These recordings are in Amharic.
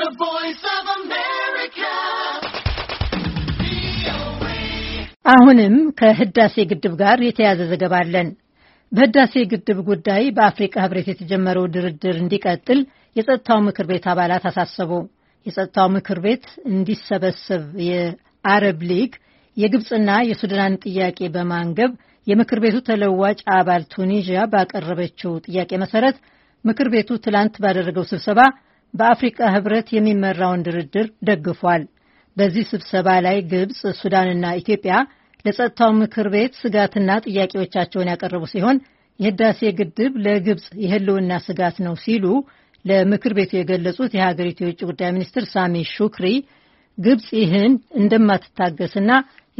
The Voice of America. አሁንም ከህዳሴ ግድብ ጋር የተያዘ ዘገባ አለን። በህዳሴ ግድብ ጉዳይ በአፍሪካ ህብረት የተጀመረው ድርድር እንዲቀጥል የጸጥታው ምክር ቤት አባላት አሳሰቡ። የጸጥታው ምክር ቤት እንዲሰበሰብ የአረብ ሊግ የግብፅና የሱዳንን ጥያቄ በማንገብ የምክር ቤቱ ተለዋጭ አባል ቱኒዥያ ባቀረበችው ጥያቄ መሰረት ምክር ቤቱ ትላንት ባደረገው ስብሰባ በአፍሪቃ ህብረት የሚመራውን ድርድር ደግፏል። በዚህ ስብሰባ ላይ ግብፅ፣ ሱዳንና ኢትዮጵያ ለጸጥታው ምክር ቤት ስጋትና ጥያቄዎቻቸውን ያቀረቡ ሲሆን የህዳሴ ግድብ ለግብፅ የህልውና ስጋት ነው ሲሉ ለምክር ቤቱ የገለጹት የሀገሪቱ የውጭ ጉዳይ ሚኒስትር ሳሚ ሹክሪ ግብፅ ይህን እንደማትታገስና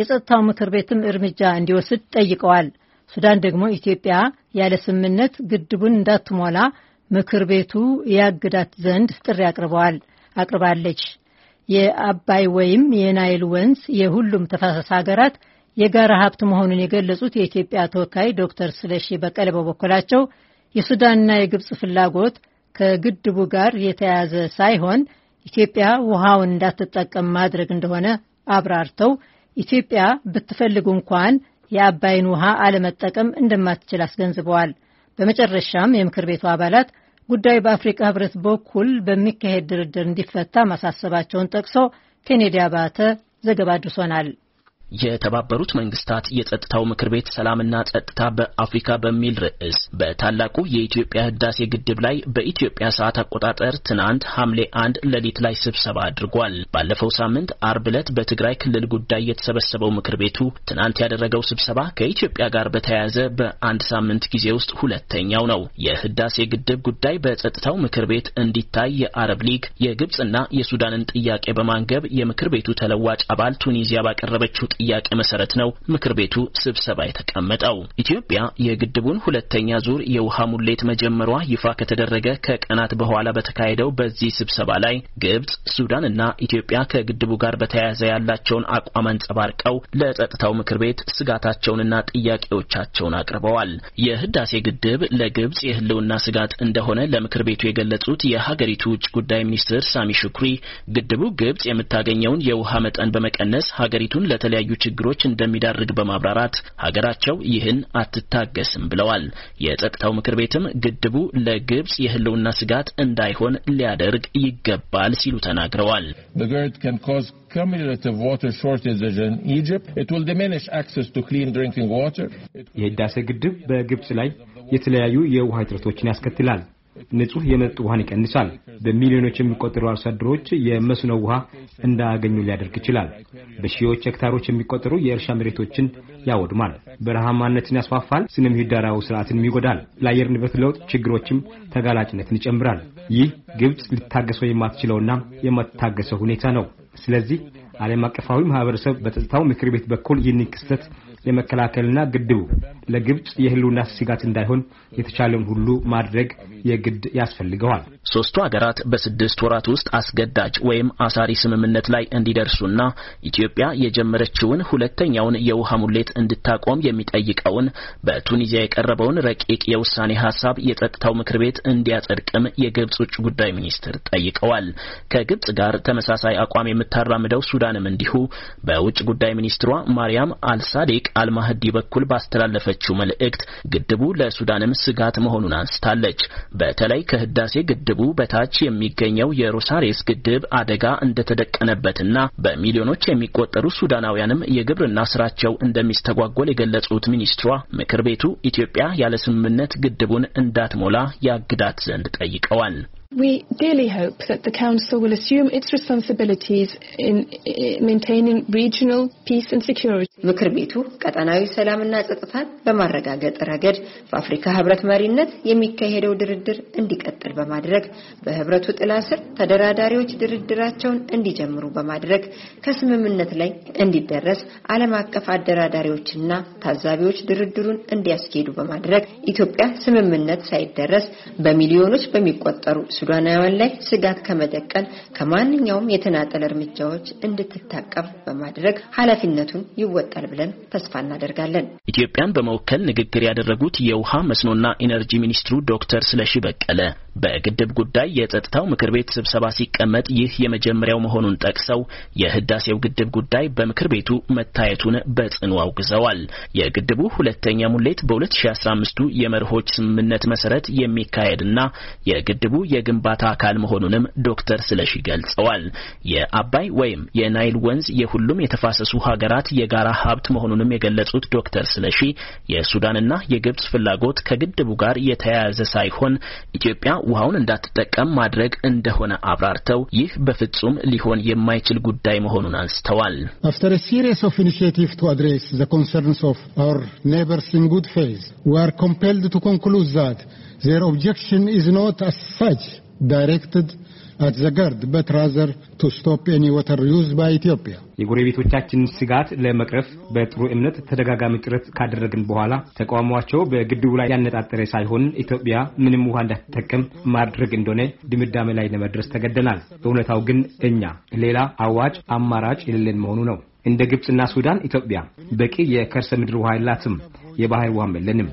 የጸጥታው ምክር ቤትም እርምጃ እንዲወስድ ጠይቀዋል። ሱዳን ደግሞ ኢትዮጵያ ያለ ስምምነት ግድቡን እንዳትሞላ ምክር ቤቱ ያግዳት ዘንድ ጥሪ አቅርበዋል አቅርባለች። የአባይ ወይም የናይል ወንዝ የሁሉም ተፋሰስ ሀገራት የጋራ ሀብት መሆኑን የገለጹት የኢትዮጵያ ተወካይ ዶክተር ስለሺ በቀለ በበኩላቸው የሱዳንና የግብፅ ፍላጎት ከግድቡ ጋር የተያያዘ ሳይሆን ኢትዮጵያ ውሃውን እንዳትጠቀም ማድረግ እንደሆነ አብራርተው ኢትዮጵያ ብትፈልግ እንኳን የአባይን ውሃ አለመጠቀም እንደማትችል አስገንዝበዋል። በመጨረሻም የምክር ቤቱ አባላት ጉዳዩ በአፍሪካ ህብረት በኩል በሚካሄድ ድርድር እንዲፈታ ማሳሰባቸውን ጠቅሶ ኬኔዲ አባተ ዘገባ አድርሶናል። የተባበሩት መንግስታት የጸጥታው ምክር ቤት ሰላምና ጸጥታ በአፍሪካ በሚል ርዕስ በታላቁ የኢትዮጵያ ህዳሴ ግድብ ላይ በኢትዮጵያ ሰዓት አቆጣጠር ትናንት ሐምሌ አንድ ሌሊት ላይ ስብሰባ አድርጓል። ባለፈው ሳምንት አርብ ዕለት በትግራይ ክልል ጉዳይ የተሰበሰበው ምክር ቤቱ ትናንት ያደረገው ስብሰባ ከኢትዮጵያ ጋር በተያያዘ በአንድ ሳምንት ጊዜ ውስጥ ሁለተኛው ነው። የህዳሴ ግድብ ጉዳይ በጸጥታው ምክር ቤት እንዲታይ የአረብ ሊግ የግብፅና የሱዳንን ጥያቄ በማንገብ የምክር ቤቱ ተለዋጭ አባል ቱኒዚያ ባቀረበችው ጥያቄ መሰረት ነው ምክር ቤቱ ስብሰባ የተቀመጠው። ኢትዮጵያ የግድቡን ሁለተኛ ዙር የውሃ ሙሌት መጀመሯ ይፋ ከተደረገ ከቀናት በኋላ በተካሄደው በዚህ ስብሰባ ላይ ግብጽ፣ ሱዳን እና ኢትዮጵያ ከግድቡ ጋር በተያያዘ ያላቸውን አቋም አንጸባርቀው ለጸጥታው ምክር ቤት ስጋታቸውንና ጥያቄዎቻቸውን አቅርበዋል። የህዳሴ ግድብ ለግብጽ የህልውና ስጋት እንደሆነ ለምክር ቤቱ የገለጹት የሀገሪቱ ውጭ ጉዳይ ሚኒስትር ሳሚ ሹኩሪ ግድቡ ግብጽ የምታገኘውን የውሃ መጠን በመቀነስ ሀገሪቱን ለተለያዩ ለተለያዩ ችግሮች እንደሚዳርግ በማብራራት ሀገራቸው ይህን አትታገስም ብለዋል። የጸጥታው ምክር ቤትም ግድቡ ለግብጽ የህልውና ስጋት እንዳይሆን ሊያደርግ ይገባል ሲሉ ተናግረዋል። የህዳሴ ግድብ በግብጽ ላይ የተለያዩ የውሃ እጥረቶችን ያስከትላል። ንጹህ የመጠጥ ውሃን ይቀንሳል። በሚሊዮኖች የሚቆጠሩ አርሶ አደሮች የመስኖ ውሃ እንዳያገኙ ሊያደርግ ይችላል። በሺዎች ሄክታሮች የሚቆጠሩ የእርሻ መሬቶችን ያወድማል፣ በረሃማነትን ያስፋፋል፣ ስነ ምህዳራዊ ስርዓትን ይጎዳል፣ ለአየር ንብረት ለውጥ ችግሮችም ተጋላጭነትን ይጨምራል። ይህ ግብፅ ልታገሰው የማትችለውና የማትታገሰው ሁኔታ ነው። ስለዚህ ዓለም አቀፋዊ ማህበረሰብ በጸጥታው ምክር ቤት በኩል ይህንን ክስተት የመከላከልና ግድቡ ለግብፅ የህልውና ስጋት እንዳይሆን የተቻለውን ሁሉ ማድረግ የግድ ያስፈልገዋል። ሶስቱ ሀገራት በስድስት ወራት ውስጥ አስገዳጅ ወይም አሳሪ ስምምነት ላይ እንዲደርሱና ኢትዮጵያ የጀመረችውን ሁለተኛውን የውሃ ሙሌት እንድታቆም የሚጠይቀውን በቱኒዚያ የቀረበውን ረቂቅ የውሳኔ ሀሳብ የጸጥታው ምክር ቤት እንዲያጸድቅም የግብፅ ውጭ ጉዳይ ሚኒስትር ጠይቀዋል። ከግብፅ ጋር ተመሳሳይ አቋም የምታራምደው ሱዳንም እንዲሁ በውጭ ጉዳይ ሚኒስትሯ ማርያም አልሳዴቅ አልማህዲ በኩል ባስተላለፈችው መልእክት ግድቡ ለሱዳንም ስጋት መሆኑን አንስታለች። በተለይ ከህዳሴ ግድቡ በታች የሚገኘው የሮሳሬስ ግድብ አደጋ እንደተደቀነበትና በሚሊዮኖች የሚቆጠሩ ሱዳናውያንም የግብርና ስራቸው እንደሚስተጓጎል የገለጹት ሚኒስትሯ ምክር ቤቱ ኢትዮጵያ ያለ ስምምነት ግድቡን እንዳትሞላ ያግዳት ዘንድ ጠይቀዋል። We dearly hope that the Council will assume its responsibilities in maintaining regional peace and security. ምክር ቤቱ ቀጠናዊ ሰላምና ጸጥታን በማረጋገጥ ረገድ በአፍሪካ ህብረት መሪነት የሚካሄደው ድርድር እንዲቀጥል በማድረግ በህብረቱ ጥላ ስር ተደራዳሪዎች ድርድራቸውን እንዲጀምሩ በማድረግ ከስምምነት ላይ እንዲደረስ ዓለም አቀፍ አደራዳሪዎችና ታዛቢዎች ድርድሩን እንዲያስኬዱ በማድረግ ኢትዮጵያ ስምምነት ሳይደረስ በሚሊዮኖች በሚቆጠሩ ሱዳናውያን ላይ ስጋት ከመደቀን ከማንኛውም የተናጠል እርምጃዎች እንድትታቀብ በማድረግ ኃላፊነቱን ይወጣል ብለን ተስፋ እናደርጋለን። ኢትዮጵያን በመወከል ንግግር ያደረጉት የውሃ መስኖና ኢነርጂ ሚኒስትሩ ዶክተር ስለሺ በቀለ በግድብ ጉዳይ የጸጥታው ምክር ቤት ስብሰባ ሲቀመጥ ይህ የመጀመሪያው መሆኑን ጠቅሰው የህዳሴው ግድብ ጉዳይ በምክር ቤቱ መታየቱን በጽኑ አውግዘዋል። የግድቡ ሁለተኛ ሙሌት በ2015ቱ የመርሆች ስምምነት መሰረት የሚካሄድና የግድቡ የግንባታ አካል መሆኑንም ዶክተር ስለሺ ገልጸዋል። የአባይ ወይም የናይል ወንዝ የሁሉም የተፋሰሱ ሀገራት የጋራ ሀብት መሆኑንም የገለጹት ዶክተር ስለሺ የሱዳንና የግብጽ ፍላጎት ከግድቡ ጋር የተያያዘ ሳይሆን ኢትዮጵያ ውሃውን እንዳትጠቀም ማድረግ እንደሆነ አብራርተው ይህ በፍጹም ሊሆን የማይችል ጉዳይ መሆኑን አንስተዋል። After a series of initiatives to address the concerns of our neighbors in good faith, we are compelled to conclude that their objection is not as such directed at the guard, but rather to stop any water use by Ethiopia. የጎረቤቶቻችን ስጋት ለመቅረፍ በጥሩ እምነት ተደጋጋሚ ጥረት ካደረግን በኋላ ተቃውሟቸው በግድቡ ላይ ያነጣጠረ ሳይሆን ኢትዮጵያ ምንም ውሃ እንዳትጠቀም ማድረግ እንደሆነ ድምዳሜ ላይ ለመድረስ ተገደናል። እውነታው ግን እኛ ሌላ አዋጭ አማራጭ የሌለን መሆኑ ነው። እንደ ግብፅና ሱዳን ኢትዮጵያ በቂ የከርሰ ምድር ውሃ የላትም። የባህር ውሃም የለንም።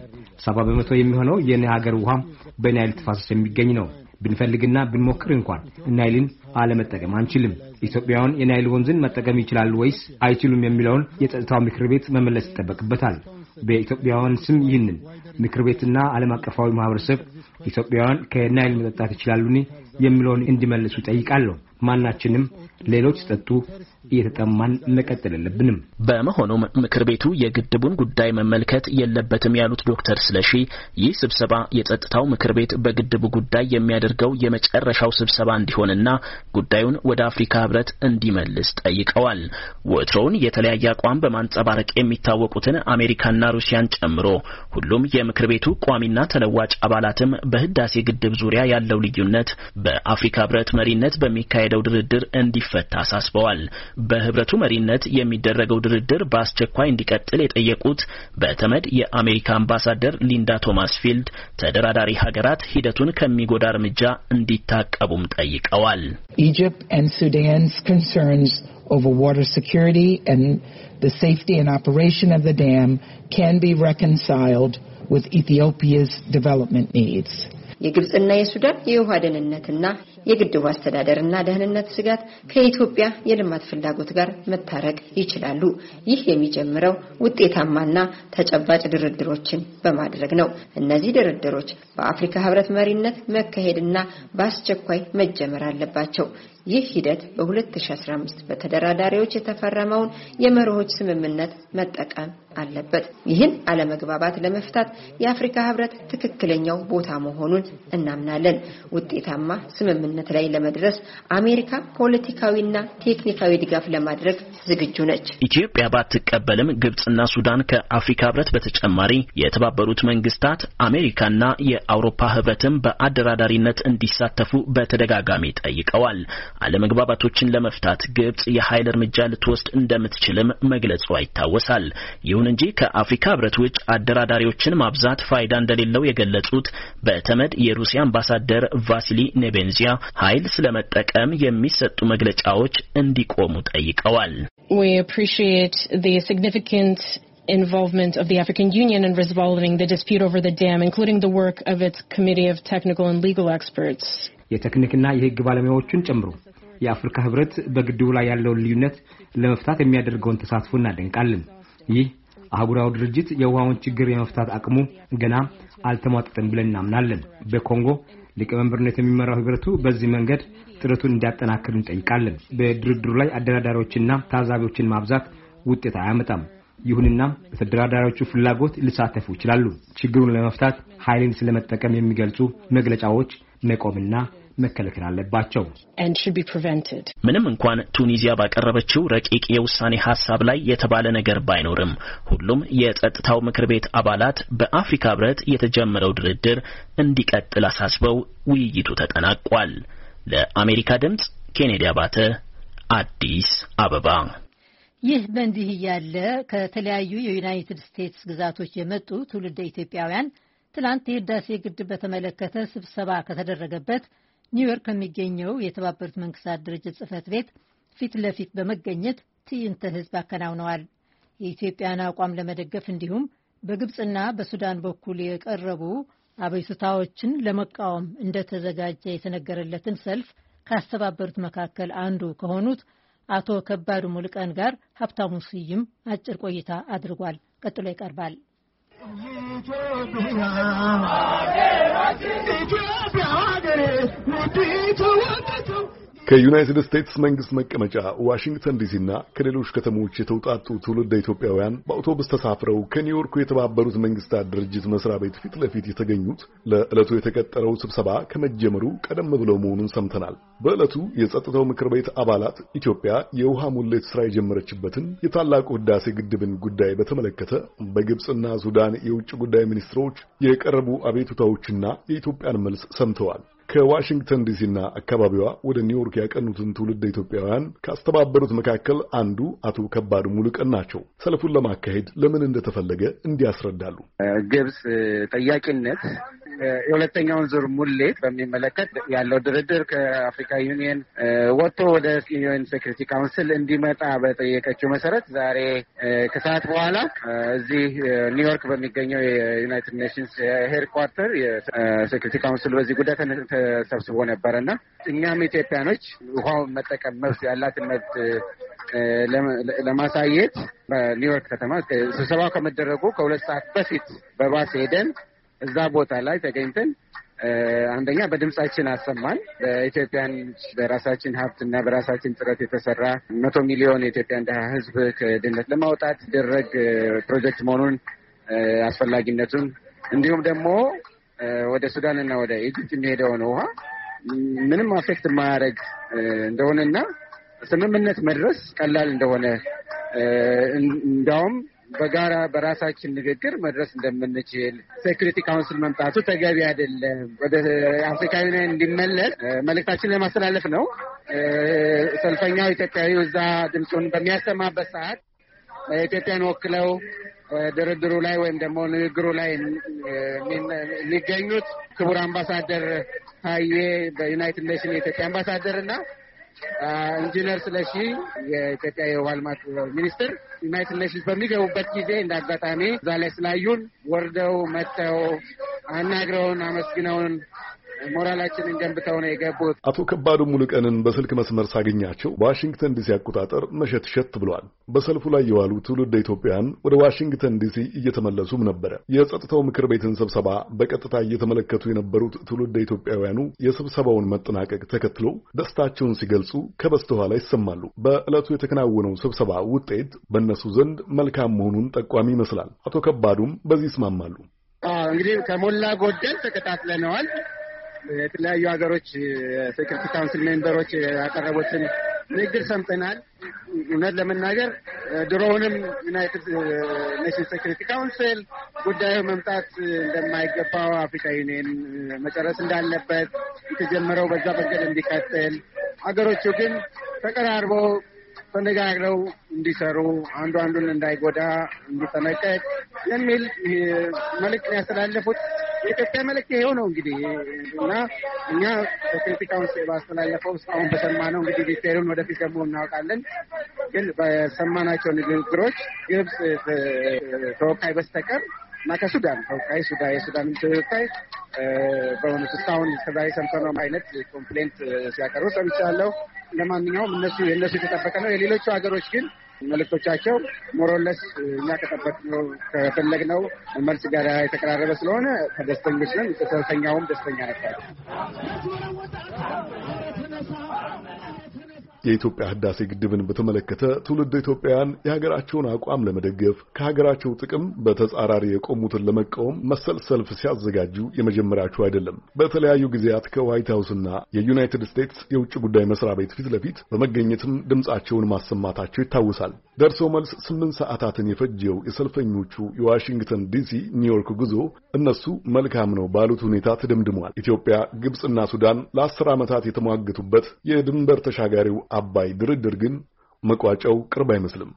ሰባ በመቶ የሚሆነው የኔ ሀገር ውሃ በናይል ተፋሰስ የሚገኝ ነው። ብንፈልግና ብንሞክር እንኳን ናይልን አለመጠቀም አንችልም። ኢትዮጵያውያን የናይል ወንዝን መጠቀም ይችላሉ ወይስ አይችሉም የሚለውን የጸጥታው ምክር ቤት መመለስ ይጠበቅበታል። በኢትዮጵያውያን ስም ይህንን ምክር ቤትና ዓለም አቀፋዊ ማህበረሰብ ኢትዮጵያውያን ከናይል መጠጣት ይችላሉን የሚለውን እንዲመልሱ ይጠይቃለሁ። ማናችንም ሌሎች ጠጡ፣ እየተጠማን መቀጠል የለብንም። በመሆኑም ምክር ቤቱ የግድቡን ጉዳይ መመልከት የለበትም ያሉት ዶክተር ስለሺ ይህ ስብሰባ የጸጥታው ምክር ቤት በግድቡ ጉዳይ የሚያደርገው የመጨረሻው ስብሰባ እንዲሆንና ጉዳዩን ወደ አፍሪካ ህብረት እንዲመልስ ጠይቀዋል። ወትሮውን የተለያየ አቋም በማንጸባረቅ የሚታወቁትን አሜሪካና ሩሲያን ጨምሮ ሁሉም የምክር ቤቱ ቋሚና ተለዋጭ አባላትም በህዳሴ ግድብ ዙሪያ ያለው ልዩነት በአፍሪካ ህብረት መሪነት በሚካሄደው ድርድር እንዲፈታ አሳስበዋል። በህብረቱ መሪነት የሚደረገው ድርድር በአስቸኳይ እንዲቀጥል የጠየቁት በተመድ የአሜሪካ አምባሳደር ሊንዳ ቶማስ ፊልድ ተደራዳሪ ሀገራት ሂደቱን ከሚጎዳ እርምጃ እንዲታቀቡም ጠይቀዋል። ኢጅፕት ኤንድ ሱዳንስ ኮንሰርንስ ኦቨር ዋተር ሴኩሪቲ ኤንድ ዘ ሴፍቲ ኤንድ ኦፐሬሽን ኦፍ ዘ ዳም ካን ቢ የሱዳን የውሃ ደህንነትና የግድቡ አስተዳደርና ደህንነት ስጋት ከኢትዮጵያ የልማት ፍላጎት ጋር መታረቅ ይችላሉ። ይህ የሚጀምረው ውጤታማና ተጨባጭ ድርድሮችን በማድረግ ነው። እነዚህ ድርድሮች በአፍሪካ ህብረት መሪነት መካሄድና በአስቸኳይ መጀመር አለባቸው። ይህ ሂደት በ2015 በተደራዳሪዎች የተፈረመውን የመርሆች ስምምነት መጠቀም አለበት። ይህን አለመግባባት ለመፍታት የአፍሪካ ህብረት ትክክለኛው ቦታ መሆኑን እናምናለን። ውጤታማ ስምምነት ላይ ለመድረስ አሜሪካ ፖለቲካዊና ቴክኒካዊ ድጋፍ ለማድረግ ዝግጁ ነች። ኢትዮጵያ ባትቀበልም ግብጽና ሱዳን ከአፍሪካ ህብረት በተጨማሪ የተባበሩት መንግስታት፣ አሜሪካና የአውሮፓ ህብረትም በአደራዳሪነት እንዲሳተፉ በተደጋጋሚ ጠይቀዋል። አለመግባባቶችን ለመፍታት ግብጽ የኃይል እርምጃ ልትወስድ እንደምትችልም መግለጿ ይታወሳል። ይሁን እንጂ ከአፍሪካ ህብረት ውጭ አደራዳሪዎችን ማብዛት ፋይዳ እንደሌለው የገለጹት በተመድ የሩሲያ አምባሳደር ቫሲሊ ኔቤንዚያ ኃይል ስለመጠቀም የሚሰጡ መግለጫዎች እንዲቆሙ ጠይቀዋል። involvement of the African Union in resolving the dispute over the dam, including the work of its committee of technical and legal experts. የቴክኒክና የህግ ባለሙያዎችን ጨምሮ የአፍሪካ ህብረት በግድቡ ላይ ያለውን ልዩነት ለመፍታት የሚያደርገውን ተሳትፎ እናደንቃለን። ይህ አህጉራዊ ድርጅት የውሃውን ችግር የመፍታት አቅሙ ገና አልተሟጠጠም ብለን እናምናለን። በኮንጎ ሊቀመንበርነት የሚመራው ህብረቱ በዚህ መንገድ ጥረቱን እንዲያጠናክር እንጠይቃለን። በድርድሩ ላይ አደራዳሪዎችና ታዛቢዎችን ማብዛት ውጤት አያመጣም። ይሁንና በተደራዳሪዎቹ ፍላጎት ሊሳተፉ ይችላሉ። ችግሩን ለመፍታት ኃይልን ስለመጠቀም የሚገልጹ መግለጫዎች መቆምና መከልከል አለባቸው። ምንም እንኳን ቱኒዚያ ባቀረበችው ረቂቅ የውሳኔ ሀሳብ ላይ የተባለ ነገር ባይኖርም ሁሉም የጸጥታው ምክር ቤት አባላት በአፍሪካ ህብረት የተጀመረው ድርድር እንዲቀጥል አሳስበው ውይይቱ ተጠናቋል። ለአሜሪካ ድምጽ ኬኔዲ አባተ አዲስ አበባ። ይህ በእንዲህ እያለ ከተለያዩ የዩናይትድ ስቴትስ ግዛቶች የመጡ ትውልደ ኢትዮጵያውያን ትላንት የህዳሴ ግድብ በተመለከተ ስብሰባ ከተደረገበት ኒውዮርክ ከሚገኘው የተባበሩት መንግስታት ድርጅት ጽህፈት ቤት ፊት ለፊት በመገኘት ትዕይንተ ህዝብ አከናውነዋል። የኢትዮጵያን አቋም ለመደገፍ እንዲሁም በግብፅና በሱዳን በኩል የቀረቡ አቤቱታዎችን ለመቃወም እንደተዘጋጀ የተነገረለትን ሰልፍ ካስተባበሩት መካከል አንዱ ከሆኑት አቶ ከባዱ ሙልቀን ጋር ሀብታሙ ስዩም አጭር ቆይታ አድርጓል። ቀጥሎ ይቀርባል። 一座中央，你这表哥，我举着我的手。ከዩናይትድ ስቴትስ መንግስት መቀመጫ ዋሽንግተን ዲሲና ከሌሎች ከተሞች የተውጣጡ ትውልደ ኢትዮጵያውያን በአውቶቡስ ተሳፍረው ከኒውዮርኩ የተባበሩት መንግስታት ድርጅት መስሪያ ቤት ፊት ለፊት የተገኙት ለዕለቱ የተቀጠረው ስብሰባ ከመጀመሩ ቀደም ብሎ መሆኑን ሰምተናል። በዕለቱ የጸጥታው ምክር ቤት አባላት ኢትዮጵያ የውሃ ሙሌት ስራ የጀመረችበትን የታላቁ ህዳሴ ግድብን ጉዳይ በተመለከተ በግብፅና ሱዳን የውጭ ጉዳይ ሚኒስትሮች የቀረቡ አቤቱታዎችና የኢትዮጵያን መልስ ሰምተዋል። ከዋሽንግተን ዲሲና አካባቢዋ ወደ ኒውዮርክ ያቀኑትን ትውልድ ኢትዮጵያውያን ካስተባበሩት መካከል አንዱ አቶ ከባድ ሙሉቀን ናቸው። ሰልፉን ለማካሄድ ለምን እንደተፈለገ እንዲያስረዳሉ። ግብጽ ጠያቂነት የሁለተኛውን ዙር ሙሌት በሚመለከት ያለው ድርድር ከአፍሪካ ዩኒየን ወጥቶ ወደ ዩኤን ሴክሪቲ ካውንስል እንዲመጣ በጠየቀችው መሰረት ዛሬ ከሰዓት በኋላ እዚህ ኒውዮርክ በሚገኘው የዩናይትድ ኔሽንስ ሄድኳርተር የሴክሪቲ ካውንስል በዚህ ጉዳይ ተሰብስቦ ነበረ እና እኛም ኢትዮጵያኖች ውሃው መጠቀም መብት ያላትን መብት ለማሳየት በኒውዮርክ ከተማ ስብሰባው ከመደረጉ ከሁለት ሰዓት በፊት በባስ ሄደን እዛ ቦታ ላይ ተገኝተን አንደኛ በድምጻችን አሰማን። በኢትዮጵያን በራሳችን ሀብትና በራሳችን ጥረት የተሰራ መቶ ሚሊዮን የኢትዮጵያን ድሃ ሕዝብ ከድህነት ለማውጣት ደረግ ፕሮጀክት መሆኑን አስፈላጊነቱን እንዲሁም ደግሞ ወደ ሱዳንና ወደ ኢጅፕት የሚሄደውን ውሃ ምንም አፌክት የማያደርግ እንደሆነና ስምምነት መድረስ ቀላል እንደሆነ እንዲያውም በጋራ በራሳችን ንግግር መድረስ እንደምንችል ሴኩሪቲ ካውንስል መምጣቱ ተገቢ አይደለም፣ ወደ አፍሪካዊ እንዲመለስ መልእክታችን ለማስተላለፍ ነው። ሰልፈኛው ኢትዮጵያዊ እዛ ድምፁን በሚያሰማበት ሰዓት ኢትዮጵያን ወክለው ድርድሩ ላይ ወይም ደግሞ ንግግሩ ላይ የሚገኙት ክቡር አምባሳደር ታዬ በዩናይትድ ኔሽን የኢትዮጵያ አምባሳደር እና ኢንጂነር ስለሺ የኢትዮጵያ የውሃ ልማት ሚኒስትር ዩናይትድ ኔሽንስ በሚገቡበት ጊዜ እንደ አጋጣሚ እዛ ላይ ስላዩን ወርደው መጥተው አናግረውን አመስግነውን ሞራላችንን ገንብተው ነው የገቡት። አቶ ከባዱ ሙሉቀንን በስልክ መስመር ሳገኛቸው በዋሽንግተን ዲሲ አቆጣጠር መሸት ሸት ብሏል። በሰልፉ ላይ የዋሉ ትውልደ ኢትዮጵያን ወደ ዋሽንግተን ዲሲ እየተመለሱም ነበረ። የጸጥታው ምክር ቤትን ስብሰባ በቀጥታ እየተመለከቱ የነበሩት ትውልደ ኢትዮጵያውያኑ የስብሰባውን መጠናቀቅ ተከትሎ ደስታቸውን ሲገልጹ ከበስተኋላ ይሰማሉ። በዕለቱ የተከናወነው ስብሰባ ውጤት በእነሱ ዘንድ መልካም መሆኑን ጠቋሚ ይመስላል። አቶ ከባዱም በዚህ ይስማማሉ። እንግዲህ ከሞላ ጎደል ተከታትለነዋል። የተለያዩ ሀገሮች ሴኩሪቲ ካውንስል ሜምበሮች ያቀረቡትን ንግግር ሰምተናል። እውነት ለመናገር ድሮውንም ዩናይትድ ኔሽን ሴኩሪቲ ካውንስል ጉዳዩ መምጣት እንደማይገባው አፍሪካ ዩኒየን መጨረስ እንዳለበት የተጀመረው በዛ መንገድ እንዲቀጥል ሀገሮቹ ግን ተቀራርበው ተነጋግረው እንዲሰሩ አንዱ አንዱን እንዳይጎዳ እንዲጠነቀቅ የሚል መልዕክት ያስተላለፉት የኢትዮጵያ መልእክት ይሄው ነው እንግዲህ እና እኛ በሴፍቲ ካውንስል ባስተላለፈው እስካሁን ነው እንግዲህ ዲቴሉን ወደፊት ደግሞ እናውቃለን። ግን በሰማናቸው ንግግሮች ግብጽ ተወካይ በስተቀር እና ከሱዳን ተወካይ ሱዳ የሱዳን ተወካይ በእውነቱ እስካሁን እስከዛሬ ሰምተነው አይነት ኮምፕሌንት ሲያቀርቡ ሰምቻለሁ። ለማንኛውም እነሱ የእነሱ የተጠበቀ ነው። የሌሎቹ ሀገሮች ግን መልእክቶቻቸው ሞሮለስ እኛ ከጠበቅነው ከፈለግነው መልስ ጋር የተቀራረበ ስለሆነ ደስተኞች ነን። ሰልፈኛውም ደስተኛ ነበር። የኢትዮጵያ ህዳሴ ግድብን በተመለከተ ትውልድ ኢትዮጵያውያን የሀገራቸውን አቋም ለመደገፍ ከሀገራቸው ጥቅም በተጻራሪ የቆሙትን ለመቃወም መሰል ሰልፍ ሲያዘጋጁ የመጀመሪያቸው አይደለም። በተለያዩ ጊዜያት ከዋይት ሀውስና የዩናይትድ ስቴትስ የውጭ ጉዳይ መስሪያ ቤት ፊት ለፊት በመገኘትም ድምፃቸውን ማሰማታቸው ይታወሳል። ደርሶ መልስ ስምንት ሰዓታትን የፈጀው የሰልፈኞቹ የዋሽንግተን ዲሲ ኒውዮርክ ጉዞ እነሱ መልካም ነው ባሉት ሁኔታ ተደምድሟል። ኢትዮጵያ፣ ግብፅና ሱዳን ለአስር ዓመታት የተሟገቱበት የድንበር ተሻጋሪው አባይ ድርድር ግን መቋጫው ቅርብ አይመስልም።